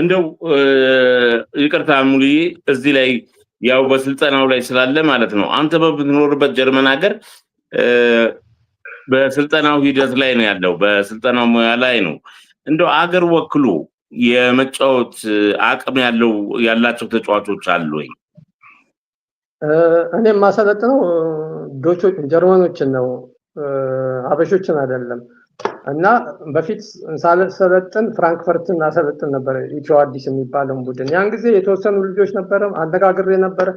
እንደው ይቅርታ ሙሉዬ እዚህ ላይ ያው በስልጠናው ላይ ስላለ ማለት ነው። አንተ በምትኖርበት ጀርመን ሀገር በስልጠናው ሂደት ላይ ነው ያለው፣ በስልጠናው ሙያ ላይ ነው። እንደው አገር ወክሎ የመጫወት አቅም ያለው ያላቸው ተጫዋቾች አሉ ወይ? እኔ ማሰለጥነው ጀርመኖችን ነው፣ አበሾችን አይደለም። እና በፊት ሳሰለጥን ፍራንክፈርት አሰለጥን ነበረ ኢትዮ አዲስ የሚባለውን ቡድን ያን ጊዜ የተወሰኑ ልጆች ነበረ አነጋግሬ ነበረ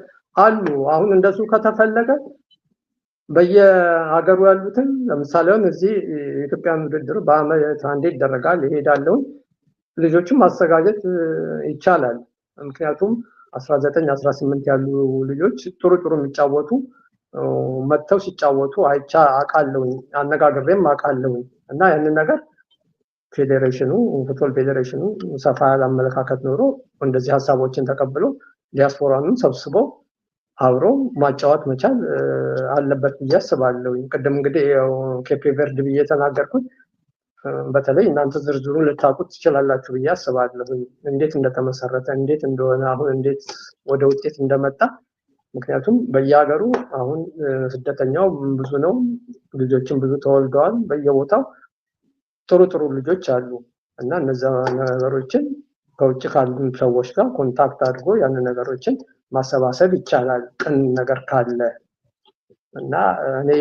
አሉ። አሁን እንደሱ ከተፈለገ በየሀገሩ ያሉትን ለምሳሌውን እዚህ የኢትዮጵያን ውድድር በአመት አንዴ ይደረጋል። ይሄዳለውን ልጆችም ማዘጋጀት ይቻላል። ምክንያቱም 19 18 ያሉ ልጆች ጥሩ ጥሩ የሚጫወቱ መጥተው ሲጫወቱ አይቻ አቃለውኝ አነጋግሬም አቃለውኝ እና ያንን ነገር ፌዴሬሽኑ ፉትቦል ፌዴሬሽኑ ሰፋ ያለ አመለካከት ኖሮ እንደዚህ ሀሳቦችን ተቀብሎ ዲያስፖራንም ሰብስቦ አብሮ ማጫወት መቻል አለበት ብዬ አስባለሁ። ቅድም እንግዲህ ኬፔ ቨርድ ብዬ የተናገርኩት በተለይ እናንተ ዝርዝሩን ልታውቁት ትችላላችሁ ብዬ አስባለሁ። እንዴት እንደተመሰረተ እንዴት እንደሆነ አሁን እንዴት ወደ ውጤት እንደመጣ ምክንያቱም በየሀገሩ አሁን ስደተኛው ብዙ ነው፣ ልጆችን ብዙ ተወልደዋል በየቦታው ጥሩ ጥሩ ልጆች አሉ እና እነዛ ነገሮችን ከውጭ ካሉ ሰዎች ጋር ኮንታክት አድርጎ ያን ነገሮችን ማሰባሰብ ይቻላል፣ ቅን ነገር ካለ እና እኔ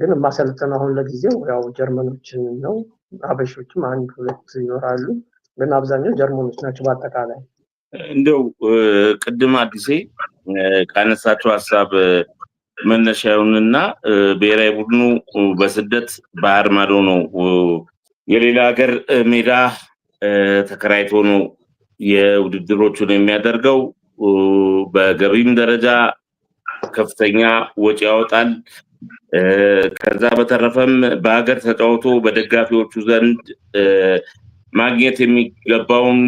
ግን የማሰልጥን አሁን ለጊዜው ያው ጀርመኖችን ነው። አበሾችም አንድ ሁለት ይኖራሉ፣ ግን አብዛኛው ጀርመኖች ናቸው። በአጠቃላይ እንደው ቅድም አዲሴ ካነሳቸው ሀሳብ መነሻውንና ብሔራዊ ቡድኑ በስደት ባህር ማዶ ነው የሌላ ሀገር ሜዳ ተከራይቶ ነው የውድድሮቹን የሚያደርገው። በገቢም ደረጃ ከፍተኛ ወጪ ያወጣል። ከዛ በተረፈም በሀገር ተጫውቶ በደጋፊዎቹ ዘንድ ማግኘት የሚገባውን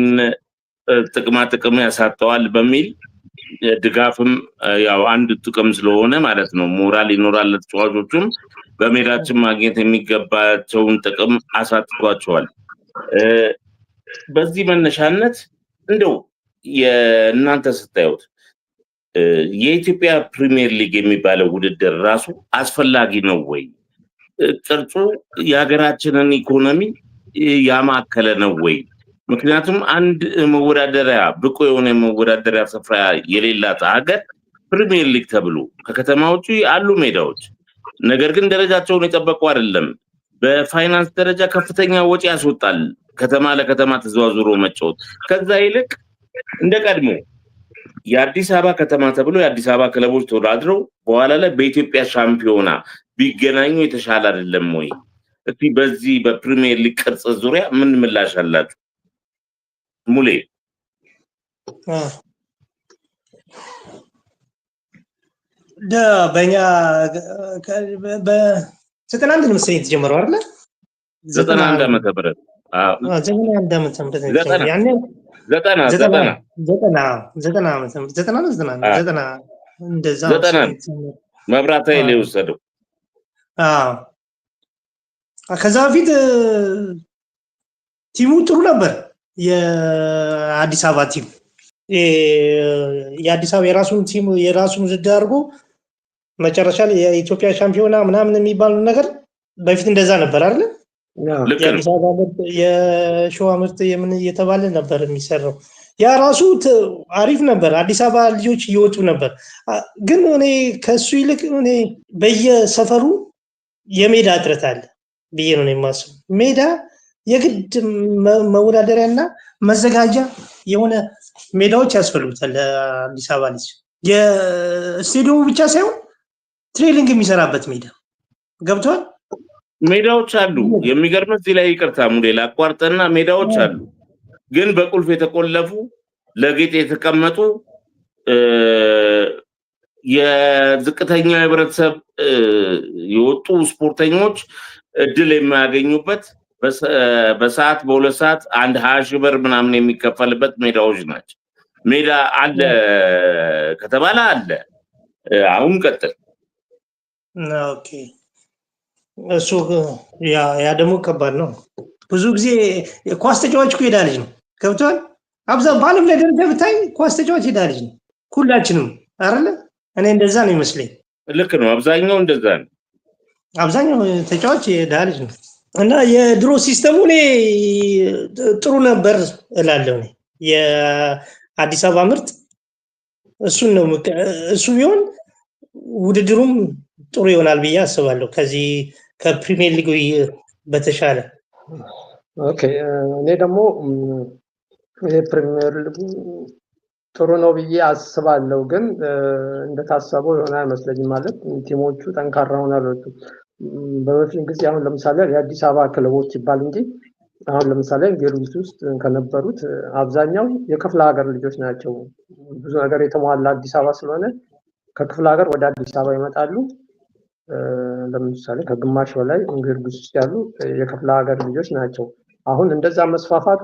ጥቅማ ጥቅም ያሳጠዋል በሚል ድጋፍም ያው አንድ ጥቅም ስለሆነ ማለት ነው ሞራል ይኖራል። ተጫዋቾቹም በሜዳችን ማግኘት የሚገባቸውን ጥቅም አሳጥቷቸዋል። በዚህ መነሻነት እንደው የእናንተ ስታዩት የኢትዮጵያ ፕሪሚየር ሊግ የሚባለው ውድድር ራሱ አስፈላጊ ነው ወይ? ቅርጹ የሀገራችንን ኢኮኖሚ ያማከለ ነው ወይ? ምክንያቱም አንድ መወዳደሪያ ብቁ የሆነ የመወዳደሪያ ስፍራ የሌላት ሀገር ፕሪሚየር ሊግ ተብሎ ከከተማ ውጭ አሉ ሜዳዎች፣ ነገር ግን ደረጃቸውን የጠበቁ አይደለም። በፋይናንስ ደረጃ ከፍተኛ ወጪ ያስወጣል፣ ከተማ ለከተማ ተዘዋዝሮ መጫወት። ከዛ ይልቅ እንደ ቀድሞ የአዲስ አበባ ከተማ ተብሎ የአዲስ አበባ ክለቦች ተወዳድረው በኋላ ላይ በኢትዮጵያ ሻምፒዮና ቢገናኙ የተሻለ አይደለም ወይ? እስቲ በዚህ በፕሪሚየር ሊግ ቅርጽ ዙሪያ ምን ምላሽ አላችሁ? मुले በእኛ ዘጠና አንድ ነው መሰለኝ የተጀመረው አይደለ? ዘጠና አንድ ዓመተ ምህረት ዘጠና አንድ ዓመተ ከዛ በፊት ቲሙ ጥሩ ነበር። የአዲስ አበባ ቲም የአዲስ አበባ የራሱን ቲም የራሱን ውድድር አድርጎ መጨረሻ ላይ የኢትዮጵያ ሻምፒዮና ምናምን የሚባሉ ነገር በፊት እንደዛ ነበር አለ የአዲስ አበባ ምርጥ፣ የሸዋ ምርጥ የምን እየተባለ ነበር የሚሰራው። ያ ራሱ አሪፍ ነበር። አዲስ አበባ ልጆች እየወጡ ነበር። ግን እኔ ከእሱ ይልቅ እኔ በየሰፈሩ የሜዳ እጥረት አለ ብዬ ነው የማስበው ሜዳ የግድ መወዳደሪያና መዘጋጃ የሆነ ሜዳዎች ያስፈልጉታል። አዲስ አበባ ልጅ የስቴዲየሙ ብቻ ሳይሆን ትሬኒንግ የሚሰራበት ሜዳ ገብቷል። ሜዳዎች አሉ። የሚገርም እዚህ ላይ ይቅርታ ሙሌ ላቋርጠና፣ ሜዳዎች አሉ፣ ግን በቁልፍ የተቆለፉ ለጌጥ የተቀመጡ የዝቅተኛ ህብረተሰብ የወጡ ስፖርተኞች እድል የማያገኙበት በሰዓት በሁለት ሰዓት አንድ ሀያ ሺህ ብር ምናምን የሚከፈልበት ሜዳዎች ናቸው። ሜዳ አለ ከተባለ አለ። አሁን ቀጥል። ኦኬ እሱ ያ ደግሞ ከባድ ነው። ብዙ ጊዜ ኳስ ተጫዋች ሄዳ ልጅ ነው ገብቷል። አብዛ በአለም ላይ ደረጃ ብታይ ኳስ ተጫዋች ሄዳ ልጅ ነው ሁላችንም አይደለ? እኔ እንደዛ ነው ይመስለኝ። ልክ ነው። አብዛኛው እንደዛ ነው። አብዛኛው ተጫዋች ሄዳ ልጅ ነው። እና የድሮ ሲስተሙ እኔ ጥሩ ነበር እላለሁ። የአዲስ አበባ ምርት እሱን ነው እሱ ቢሆን ውድድሩም ጥሩ ይሆናል ብዬ አስባለሁ። ከዚህ ከፕሪሚየር ሊግ በተሻለ እኔ ደግሞ ፕሪሚየር ሊጉ ጥሩ ነው ብዬ አስባለሁ፣ ግን እንደታሰበው የሆነ አይመስለኝም። ማለት ቲሞቹ ጠንካራ ሆነ በበፊት ጊዜ አሁን ለምሳሌ የአዲስ አበባ ክለቦች ይባል እንጂ አሁን ለምሳሌ ጊዮርጊስ ውስጥ ከነበሩት አብዛኛው የክፍለ ሀገር ልጆች ናቸው። ብዙ ነገር የተሟላ አዲስ አበባ ስለሆነ ከክፍለ ሀገር ወደ አዲስ አበባ ይመጣሉ። ለምሳሌ ከግማሽ በላይ ጊዮርጊስ ውስጥ ያሉ የክፍለ ሀገር ልጆች ናቸው። አሁን እንደዛ መስፋፋቱ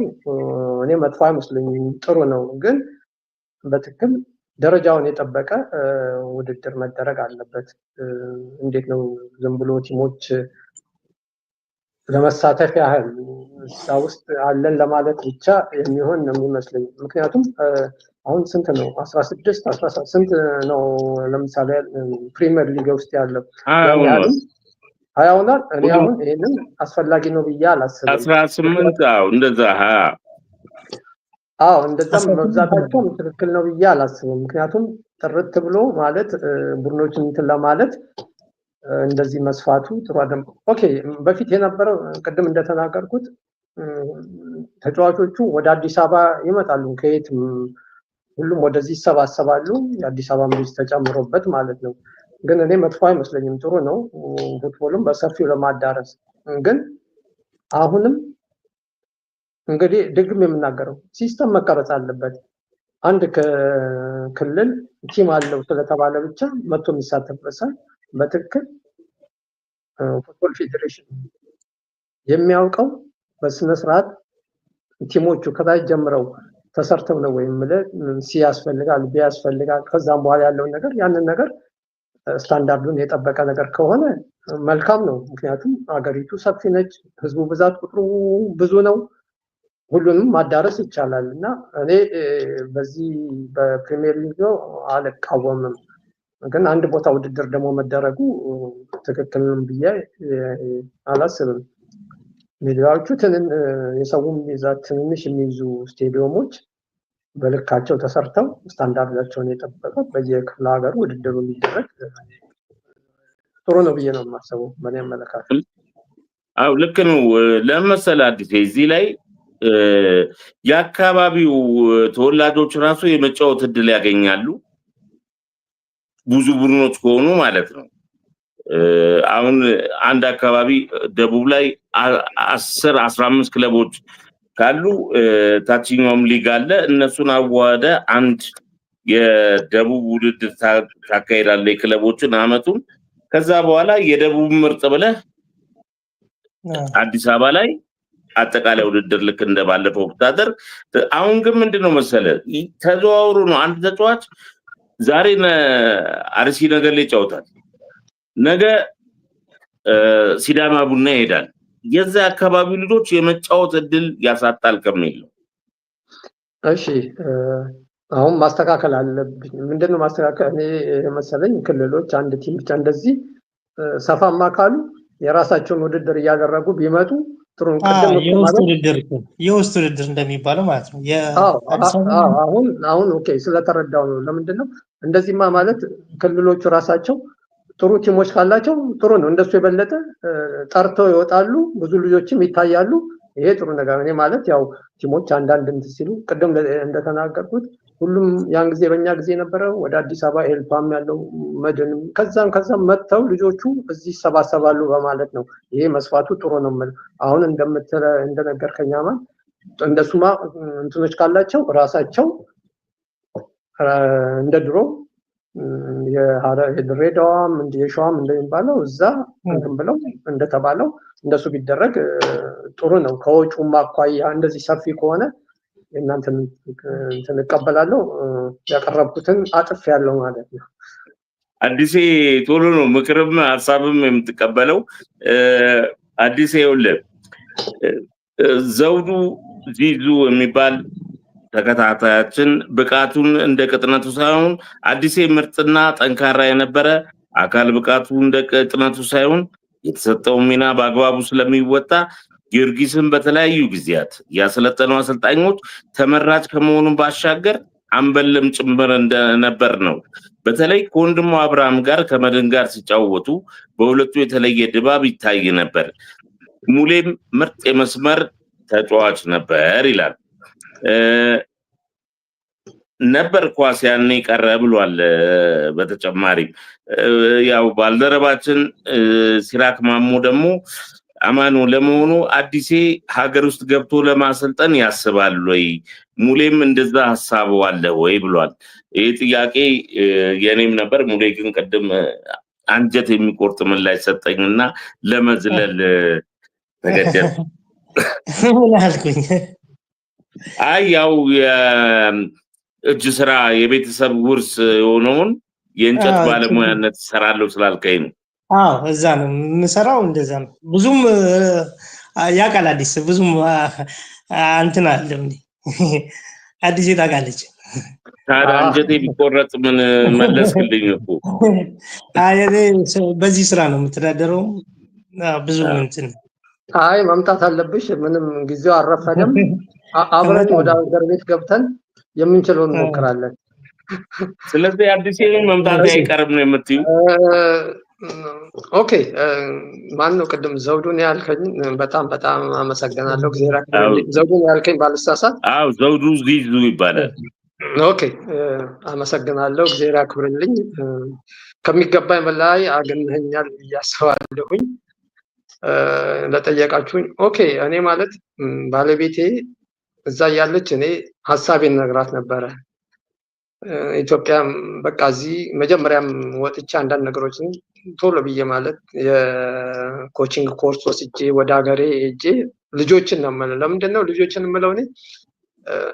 እኔ መጥፎ አይመስለኝም፣ ጥሩ ነው። ግን በትክክል ደረጃውን የጠበቀ ውድድር መደረግ አለበት። እንዴት ነው ዝም ብሎ ቲሞች ለመሳተፍ ያህል እዛ ውስጥ አለን ለማለት ብቻ የሚሆን ነው የሚመስለኝ። ምክንያቱም አሁን ስንት ነው አስራ ስድስት ስንት ነው ለምሳሌ ፕሪሚየር ሊግ ውስጥ ያለው ሀያውናል ሆኗል። እኔ አሁን ይህንን አስፈላጊ ነው ብዬ አላስብም። አስራ ስምንት እንደዛ ሀያ አዎ እንደዛም መብዛታቸው ትክክል ነው ብዬ አላስብም። ምክንያቱም ጥርት ብሎ ማለት ቡድኖችን እንትን ለማለት እንደዚህ መስፋቱ ጥሩ አይደለም። ኦኬ በፊት የነበረው ቅድም እንደተናገርኩት ተጫዋቾቹ ወደ አዲስ አበባ ይመጣሉ። ከየት ሁሉም ወደዚህ ይሰባሰባሉ። የአዲስ አበባ መንግስት ተጨምሮበት ማለት ነው። ግን እኔ መጥፎ አይመስለኝም፣ ጥሩ ነው። ፉትቦልም በሰፊው ለማዳረስ ግን አሁንም እንግዲህ ድግም የምናገረው ሲስተም መቀረጽ አለበት። አንድ ክልል ቲም አለው ስለተባለ ብቻ መቶ የሚሳተፍበት ሰው በትክክል ፉትቦል ፌዴሬሽን የሚያውቀው በስነስርዓት ቲሞቹ ከታች ጀምረው ተሰርተው ነው ወይም ሲ ያስፈልጋል ቢ ያስፈልጋል ከዛም በኋላ ያለውን ነገር ያንን ነገር ስታንዳርዱን የጠበቀ ነገር ከሆነ መልካም ነው። ምክንያቱም አገሪቱ ሰፊ ነች፣ ህዝቡ ብዛት ቁጥሩ ብዙ ነው። ሁሉንም ማዳረስ ይቻላል እና እኔ በዚህ በፕሪሚየር ሊግ አልቃወምም። ግን አንድ ቦታ ውድድር ደግሞ መደረጉ ትክክልንም ብዬ አላስብም። ሚዲያዎቹ የሰውን ይዛ ትንንሽ የሚይዙ ስቴዲየሞች በልካቸው ተሰርተው ስታንዳርዳቸውን የጠበቀ በየክፍለ ሀገሩ ውድድሩ የሚደረግ ጥሩ ነው ብዬ ነው የማስበው በእኔ አመለካከት። አው ልክ ነው። ለምን አዲስ እዚህ ላይ የአካባቢው ተወላጆች ራሱ የመጫወት እድል ያገኛሉ። ብዙ ቡድኖች ከሆኑ ማለት ነው። አሁን አንድ አካባቢ ደቡብ ላይ አስር አስራ አምስት ክለቦች ካሉ ታችኛውም ሊግ አለ። እነሱን አዋደ አንድ የደቡብ ውድድር ታካሄዳለ የክለቦችን አመቱን። ከዛ በኋላ የደቡብ ምርጥ ብለህ አዲስ አበባ ላይ አጠቃላይ ውድድር ልክ እንደ ባለፈው ብታደርግ። አሁን ግን ምንድን ነው መሰለ ተዘዋውሩ ነው። አንድ ተጫዋች ዛሬ አርሲ ነገሌ ይጫወታል፣ ነገ ሲዳማ ቡና ይሄዳል። የዛ አካባቢ ልጆች የመጫወት እድል ያሳጣል ከሚል ነው። እሺ አሁን ማስተካከል አለብኝ። ምንድን ነው ማስተካከል? እኔ የመሰለኝ ክልሎች አንድ ቲም ብቻ እንደዚህ ሰፋማ ካሉ የራሳቸውን ውድድር እያደረጉ ቢመጡ ጥሩ የውስጥ ውድድር የውስጥ ውድድር እንደሚባለው ማለት ነው። አሁን አሁን ኦኬ ስለተረዳው ነው። ለምንድን ነው እንደዚህማ ማለት ክልሎቹ ራሳቸው ጥሩ ቲሞች ካላቸው ጥሩ ነው። እንደሱ የበለጠ ጠርተው ይወጣሉ፣ ብዙ ልጆችም ይታያሉ። ይሄ ጥሩ ነገር እኔ ማለት ያው ቲሞች አንዳንድ እንትን ሲሉ ቅድም እንደተናገርኩት ሁሉም ያን ጊዜ በእኛ ጊዜ ነበረ ወደ አዲስ አበባ ኤልፓም ያለው መድንም ከዛም ከዛም መጥተው ልጆቹ እዚህ ይሰባሰባሉ በማለት ነው። ይሄ መስፋቱ ጥሩ ነው ምል አሁን እንደነገር ከኛማ እንደሱማ እንትኖች ካላቸው ራሳቸው እንደ ድሮ የድሬዳዋም የሸዋም እንደሚባለው እዛ እንትን ብለው እንደተባለው እንደሱ ቢደረግ ጥሩ ነው። ከወጪውም አኳያ እንደዚህ ሰፊ ከሆነ እናንተን እቀበላለሁ ያቀረብኩትን አጥፍ ያለው ማለት ነው። አዲሴ ቶሎ ነው ምክርም ሀሳብም የምትቀበለው አዲሴ። ውለ ዘውዱ ዚዙ የሚባል ተከታታያችን ብቃቱን እንደ ቅጥነቱ ሳይሆን አዲሴ ምርጥና ጠንካራ የነበረ አካል ብቃቱ እንደ ቅጥነቱ ሳይሆን የተሰጠው ሚና በአግባቡ ስለሚወጣ ጊዮርጊስን በተለያዩ ጊዜያት ያሰለጠኑ አሰልጣኞች ተመራጭ ከመሆኑ ባሻገር አምበልም ጭምር እንደነበር ነው። በተለይ ከወንድሙ አብርሃም ጋር ከመድን ጋር ሲጫወቱ በሁለቱ የተለየ ድባብ ይታይ ነበር። ሙሌም ምርጥ የመስመር ተጫዋች ነበር ይላል። ነበር ኳስ ያኔ ቀረ ብሏል። በተጨማሪም ያው ባልደረባችን ሲራክ ማሞ ደግሞ አማኖ ለመሆኑ አዲሴ ሀገር ውስጥ ገብቶ ለማሰልጠን ያስባል ወይ? ሙሌም እንደዛ ሀሳብ አለ ወይ ብሏል። ይህ ጥያቄ የኔም ነበር። ሙሌ ግን ቅድም አንጀት የሚቆርጥ ምላሽ ሰጠኝና ለመዝለል ተገደል አልኩኝ። አይ ያው የእጅ ስራ የቤተሰብ ውርስ የሆነውን የእንጨት ባለሙያነት ይሰራለሁ ስላልከኝ ነው። አዎ እዛ ነው የምሰራው። እንደዛ ነው። ብዙም ያውቃል አዲስ ብዙም እንትን አለም አዲስ ታውቃለች። ታዲያ አንጀቴ ቢቆረጥ ምን መለስክልኝ እኮ። በዚህ ስራ ነው የምተዳደረው። ብዙ እንትን አይ መምጣት አለብሽ። ምንም ጊዜው አልረፈደም። አብረን ወደ ሀገር ቤት ገብተን የምንችለውን እንሞክራለን። ስለዚህ አዲስ መምጣት አይቀርም ነው የምትዩ? ኦኬ ማን ነው ቅድም ዘውዱን ያልከኝ? በጣም በጣም አመሰግናለሁ። እግዚአብሔር ዘውዱን ያልከኝ ባልሳሳት? አዎ ዘውዱ ዚዙ ይባላል። ኦኬ አመሰግናለሁ። እግዚአብሔር ያክብርልኝ። ከሚገባኝ በላይ አገነኛል እያስባለሁኝ ለጠየቃችሁኝ። ኦኬ እኔ ማለት ባለቤቴ እዛ ያለች እኔ ሀሳቤን ነግራት ነበረ ኢትዮጵያ በቃ እዚህ መጀመሪያም ወጥቼ አንዳንድ ነገሮችን ቶሎ ብዬ ማለት የኮቺንግ ኮርስ ወስጄ ወደ ሀገሬ ሄጄ ልጆችን ነው የምለው። ለምንድን ነው ልጆችን የምለው? እኔ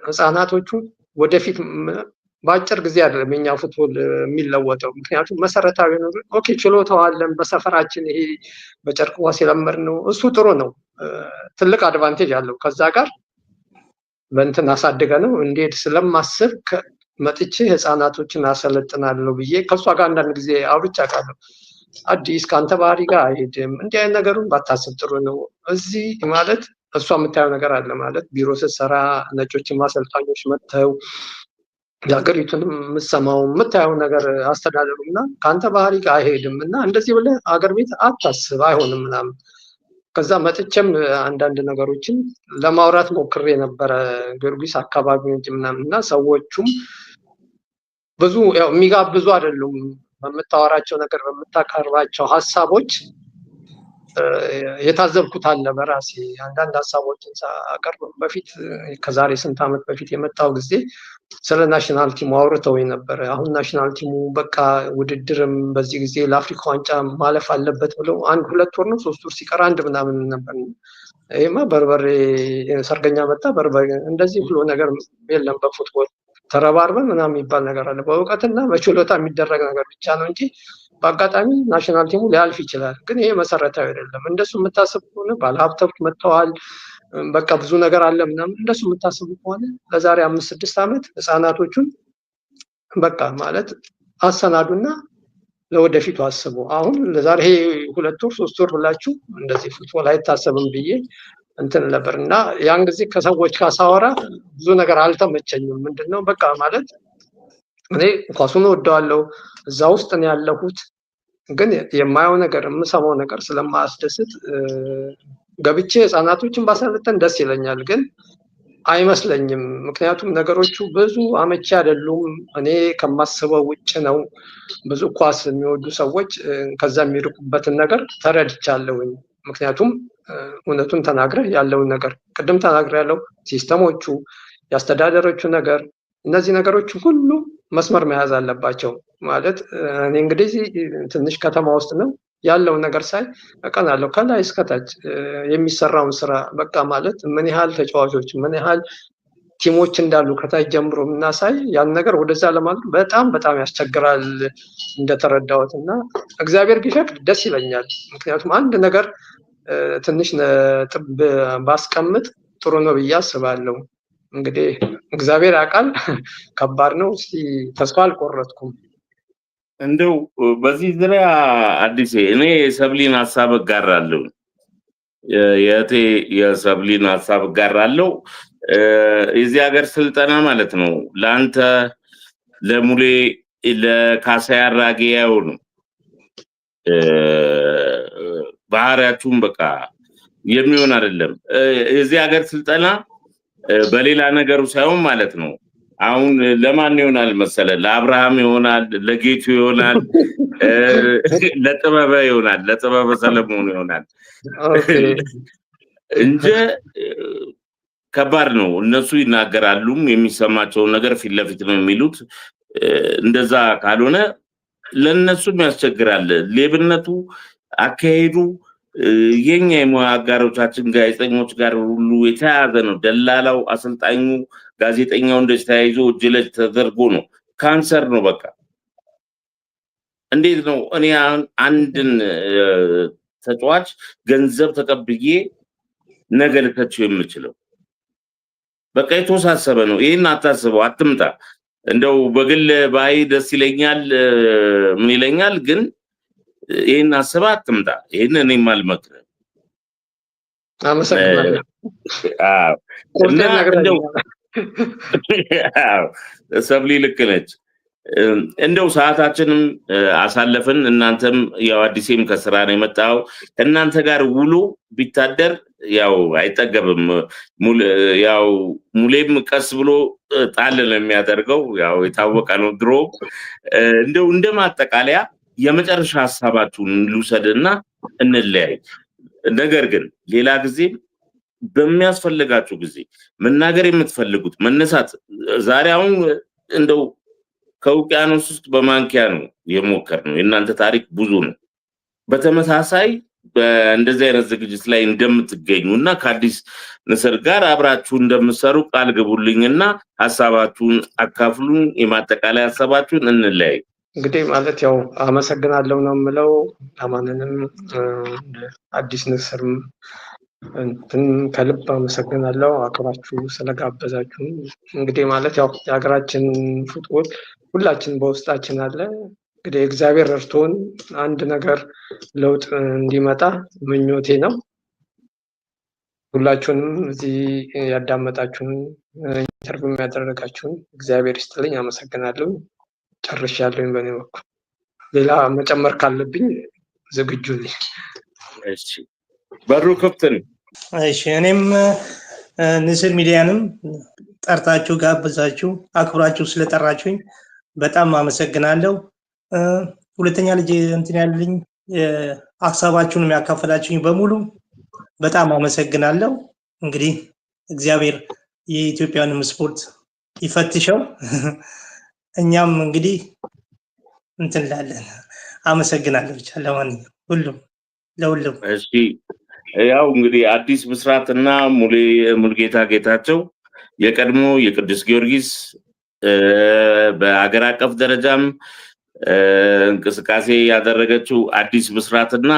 ህጻናቶቹ ወደፊት በአጭር ጊዜ አይደለም የኛ ፉትቦል የሚለወጠው። ምክንያቱም መሰረታዊ ኦኬ ችሎታው አለን። በሰፈራችን ይሄ በጨርቅ ኳስ ነው እሱ ጥሩ ነው፣ ትልቅ አድቫንቴጅ አለው። ከዛ ጋር በእንትን አሳድገ ነው እንዴት ስለማስብ መጥቼ ህፃናቶችን አሰለጥናለሁ ብዬ ከእሷ ጋር አንዳንድ ጊዜ አውርቼ አውቃለሁ። አዲስ ከአንተ ባህሪ ጋር አይሄድም። እንዲህ አይነት ነገሩን ባታስብ ጥሩ ነው። እዚህ ማለት እሷ የምታየው ነገር አለ ማለት ቢሮ ስትሰራ ነጮችም አሰልጣኞች መጥተው የሀገሪቱንም የምትሰማው የምታየው ነገር አስተዳደሩ እና ከአንተ ባህሪ ጋር አይሄድም እና እንደዚህ ብለህ አገር ቤት አታስብ፣ አይሆንም ምናምን ከዛ መጥቼም አንዳንድ ነገሮችን ለማውራት ሞክሬ ነበረ ጊዮርጊስ አካባቢ ምናምን እና ሰዎቹም ብዙ ያው የሚጋብዙ አይደሉም። በምታወራቸው ነገር በምታቀርባቸው ሀሳቦች የታዘብኩት አለ በራሴ አንዳንድ ሀሳቦችን አቀርብ በፊት ከዛሬ ስንት ዓመት በፊት የመጣው ጊዜ ስለ ናሽናል ቲሙ አውርተው ነበረ። አሁን ናሽናል ቲሙ በቃ ውድድርም በዚህ ጊዜ ለአፍሪካ ዋንጫ ማለፍ አለበት ብለው አንድ ሁለት ወር ነው ሶስት ወር ሲቀር አንድ ምናምን ነበር። ይህማ በርበሬ ሰርገኛ መጣ በርበሬ እንደዚህ ብሎ ነገር የለም በፉትቦል ተረባርበ ምናም የሚባል ነገር አለ። በእውቀትና በችሎታ የሚደረግ ነገር ብቻ ነው እንጂ በአጋጣሚ ናሽናል ቲሙ ሊያልፍ ይችላል። ግን ይሄ መሰረታዊ አይደለም። እንደሱ የምታስብ ከሆነ ባለሀብቶች መጥተዋል፣ በቃ ብዙ ነገር አለ ምናምን። እንደሱ የምታስቡ ከሆነ ለዛሬ አምስት ስድስት ዓመት ህፃናቶቹን በቃ ማለት አሰናዱና ለወደፊቱ አስቡ። አሁን ለዛሬ ሁለት ወር ሶስት ወር ብላችሁ እንደዚህ ፉትቦል አይታሰብም ብዬ እንትን ነበር እና ያን ጊዜ ከሰዎች ጋር ሳወራ ብዙ ነገር አልተመቸኝም። ምንድነው በቃ ማለት እኔ ኳሱን ወደዋለሁ፣ እዛ ውስጥ ነው ያለሁት። ግን የማየው ነገር የምሰማው ነገር ስለማያስደስት ገብቼ ህፃናቶችን ባሰለጠን ደስ ይለኛል፣ ግን አይመስለኝም። ምክንያቱም ነገሮቹ ብዙ አመቺ አይደሉም። እኔ ከማስበው ውጭ ነው። ብዙ ኳስ የሚወዱ ሰዎች ከዛ የሚርቁበትን ነገር ተረድቻለሁኝ። ምክንያቱም እውነቱን ተናግረ ያለውን ነገር ቅድም ተናግረ ያለው ሲስተሞቹ፣ የአስተዳደሮቹ ነገር እነዚህ ነገሮች ሁሉ መስመር መያዝ አለባቸው። ማለት እኔ እንግዲህ ትንሽ ከተማ ውስጥ ነው ያለውን ነገር ሳይ እቀናለሁ። ከላይ እስከታች የሚሰራውን ስራ በቃ ማለት ምን ያህል ተጫዋቾች ምን ያህል ቲሞች እንዳሉ ከታች ጀምሮ የምናሳይ ያን ነገር ወደዛ ለማድረግ በጣም በጣም ያስቸግራል እንደተረዳሁት እና እግዚአብሔር ቢፈቅድ ደስ ይለኛል። ምክንያቱም አንድ ነገር ትንሽ ጥብ ባስቀምጥ ጥሩ ነው ብዬ አስባለሁ። እንግዲህ እግዚአብሔር አቃል ከባድ ነው። እስቲ ተስፋ አልቆረጥኩም። እንደው በዚህ ዙሪያ አዲስ እኔ የሰብሊን ሀሳብ እጋራለሁ። የእቴ የሰብሊን ሀሳብ እጋራለሁ። የዚህ ሀገር ስልጠና ማለት ነው ለአንተ ለሙሌ ለካሳ አራጌ ያው ነው ባህሪያችሁም በቃ የሚሆን አይደለም። የዚህ ሀገር ስልጠና በሌላ ነገሩ ሳይሆን ማለት ነው። አሁን ለማን ይሆናል መሰለ? ለአብርሃም ይሆናል፣ ለጌቱ ይሆናል፣ ለጥበበ ይሆናል፣ ለጥበበ ሰለሞን ይሆናል እንጂ ከባድ ነው። እነሱ ይናገራሉም የሚሰማቸውን ነገር ፊት ለፊት ነው የሚሉት። እንደዛ ካልሆነ ለእነሱም ያስቸግራል ሌብነቱ አካሄዱ የኛ የሙያ አጋሮቻችን ጋዜጠኞች ጋር ሁሉ የተያያዘ ነው። ደላላው፣ አሰልጣኙ፣ ጋዜጠኛው እንደዚህ ተያይዞ እጅ ለእጅ ተደርጎ ነው። ካንሰር ነው በቃ። እንዴት ነው እኔ አንድን ተጫዋች ገንዘብ ተቀብዬ ነገ ልከችው የምችለው? በቃ የተወሳሰበ ነው። ይህን አታስበው፣ አትምጣ። እንደው በግል ባይ ደስ ይለኛል፣ ምን ይለኛል ግን ይህን አስባ አትምጣ። ይህን እኔም አልመክርም። ሰብሊ ልክ ነች። እንደው ሰዓታችንም አሳለፍን። እናንተም ያው አዲሴም ከስራ ነው የመጣው ከእናንተ ጋር ውሎ ቢታደር ያው አይጠገብም። ያው ሙሌም ቀስ ብሎ ጣል ነው የሚያደርገው ያው የታወቀ ነው። ድሮ እንደው እንደማጠቃለያ የመጨረሻ ሀሳባችሁን ልውሰድና እንለያይ። ነገር ግን ሌላ ጊዜ በሚያስፈልጋችሁ ጊዜ መናገር የምትፈልጉት መነሳት ዛሬ አሁን እንደው ከውቅያኖስ ውስጥ በማንኪያ ነው የሞከር ነው። የእናንተ ታሪክ ብዙ ነው። በተመሳሳይ እንደዚህ አይነት ዝግጅት ላይ እንደምትገኙ እና ከአዲስ ንስር ጋር አብራችሁ እንደምትሰሩ ቃል እና ሀሳባችሁን አካፍሉን። የማጠቃላይ ሀሳባችሁን እንለያይ። እንግዲህ ማለት ያው አመሰግናለሁ ነው የምለው። ለማንንም አዲስ ንስር እንትን ከልብ አመሰግናለሁ አክብራችሁ ስለጋበዛችሁ። እንግዲህ ማለት ያው የሀገራችን ፉትቦል ሁላችን በውስጣችን አለ። እንግዲህ እግዚአብሔር እርቶን አንድ ነገር ለውጥ እንዲመጣ ምኞቴ ነው። ሁላችሁንም እዚህ ያዳመጣችሁን ኢንተርቪው ያደረጋችሁን እግዚአብሔር ይስጥልኝ፣ አመሰግናለሁ። ጨርሻለሁኝ። በእኔ በኩል ሌላ መጨመር ካለብኝ ዝግጁ ነኝ። በሩ ክፍት ነው። እሺ እኔም ንስር ሚዲያንም ጠርታችሁ ጋብዛችሁ አክብራችሁ ስለጠራችሁኝ በጣም አመሰግናለሁ። ሁለተኛ ልጅ እንትን ያለኝ ሀሳባችሁን ያካፈላችሁኝ በሙሉ በጣም አመሰግናለሁ። እንግዲህ እግዚአብሔር የኢትዮጵያንም ስፖርት ይፈትሸው። እኛም እንግዲህ እንትንላለን። አመሰግናለሁ። ብቻ ለማንኛውም ሁሉም ለሁሉም እሺ። ያው እንግዲህ አዲስ ብስራትና ሙልጌታ ጌታቸው የቀድሞ የቅዱስ ጊዮርጊስ በሀገር አቀፍ ደረጃም እንቅስቃሴ ያደረገችው አዲስ ብስራትና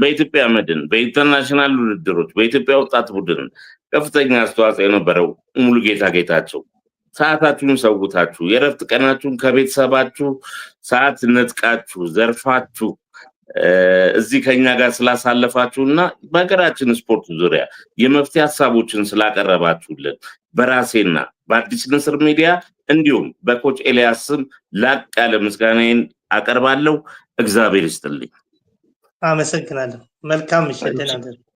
በኢትዮጵያ መድን በኢንተርናሽናል ውድድሮች በኢትዮጵያ ወጣት ቡድን ከፍተኛ አስተዋጽኦ የነበረው ሙሉጌታ ጌታቸው ሰዓታችሁን ሰውታችሁ የረፍት ቀናችሁን ከቤተሰባችሁ ሰዓት ነጥቃችሁ ዘርፋችሁ እዚህ ከኛ ጋር ስላሳለፋችሁ እና በሀገራችን ስፖርት ዙሪያ የመፍትሄ ሀሳቦችን ስላቀረባችሁልን በራሴና በአዲስ ንስር ሚዲያ እንዲሁም በኮች ኤልያስ ስም ላቅ ያለ ምስጋናዬን አቀርባለሁ። እግዚአብሔር ይስጥልኝ። አመሰግናለሁ። መልካም ምሽት።